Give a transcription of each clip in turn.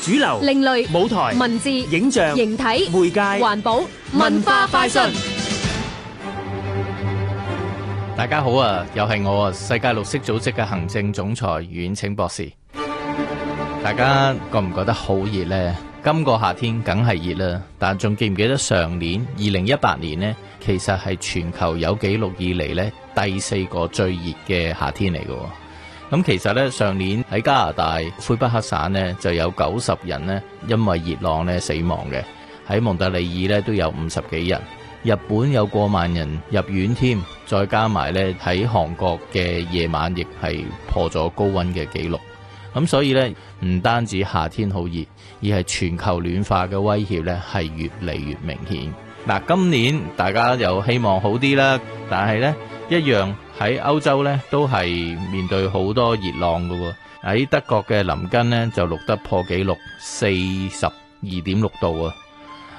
主流、另類舞台、文字、影像、形體、媒介、環保、文化、快訊。大家好啊，又係我啊，世界綠色組織嘅行政總裁阮清博士。大家覺唔覺得好熱呢？今個夏天梗係熱啦，但仲記唔記得上年二零一八年呢，其實係全球有紀錄以嚟，呢，第四個最熱嘅夏天嚟嘅。咁其實呢，上年喺加拿大魁北克省呢，就有九十人呢，因為熱浪呢，死亡嘅；喺蒙特利爾呢，都有五十幾人；日本有過萬人入院添，再加埋呢，喺韓國嘅夜晚亦係破咗高溫嘅紀錄。咁所以呢，唔單止夏天好熱，而係全球暖化嘅威脅呢，係越嚟越明顯。嗱，今年大家又希望好啲啦，但係呢。一樣喺歐洲呢，都係面對好多熱浪㗎喎。喺德國嘅林根呢，就錄得破紀錄四十二點六度啊！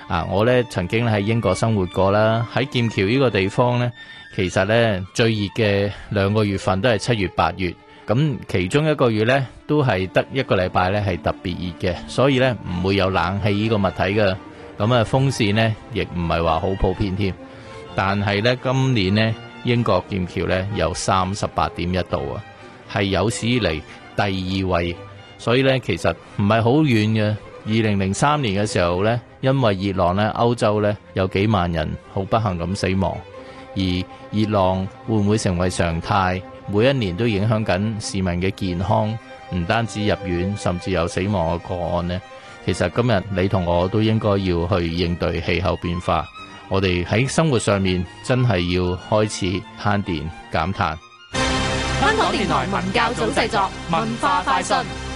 啊，我呢曾經喺英國生活過啦，喺劍橋呢個地方呢，其實呢，最熱嘅兩個月份都係七月八月，咁其中一個月呢，都係得一個禮拜呢，係特別熱嘅，所以呢，唔會有冷氣呢個物體㗎。咁啊，風扇呢，亦唔係話好普遍添。但係呢，今年呢。英國劍橋呢有三十八點一度啊，係有史以嚟第二位，所以呢，其實唔係好遠嘅。二零零三年嘅時候呢，因為熱浪呢，歐洲呢有幾萬人好不幸咁死亡。而熱浪會唔會成為常態？每一年都影響緊市民嘅健康，唔單止入院，甚至有死亡嘅個案呢，其實今日你同我都應該要去應對氣候變化。我哋喺生活上面真係要開始慳電減碳。香港電台文教組製作，文化快訊。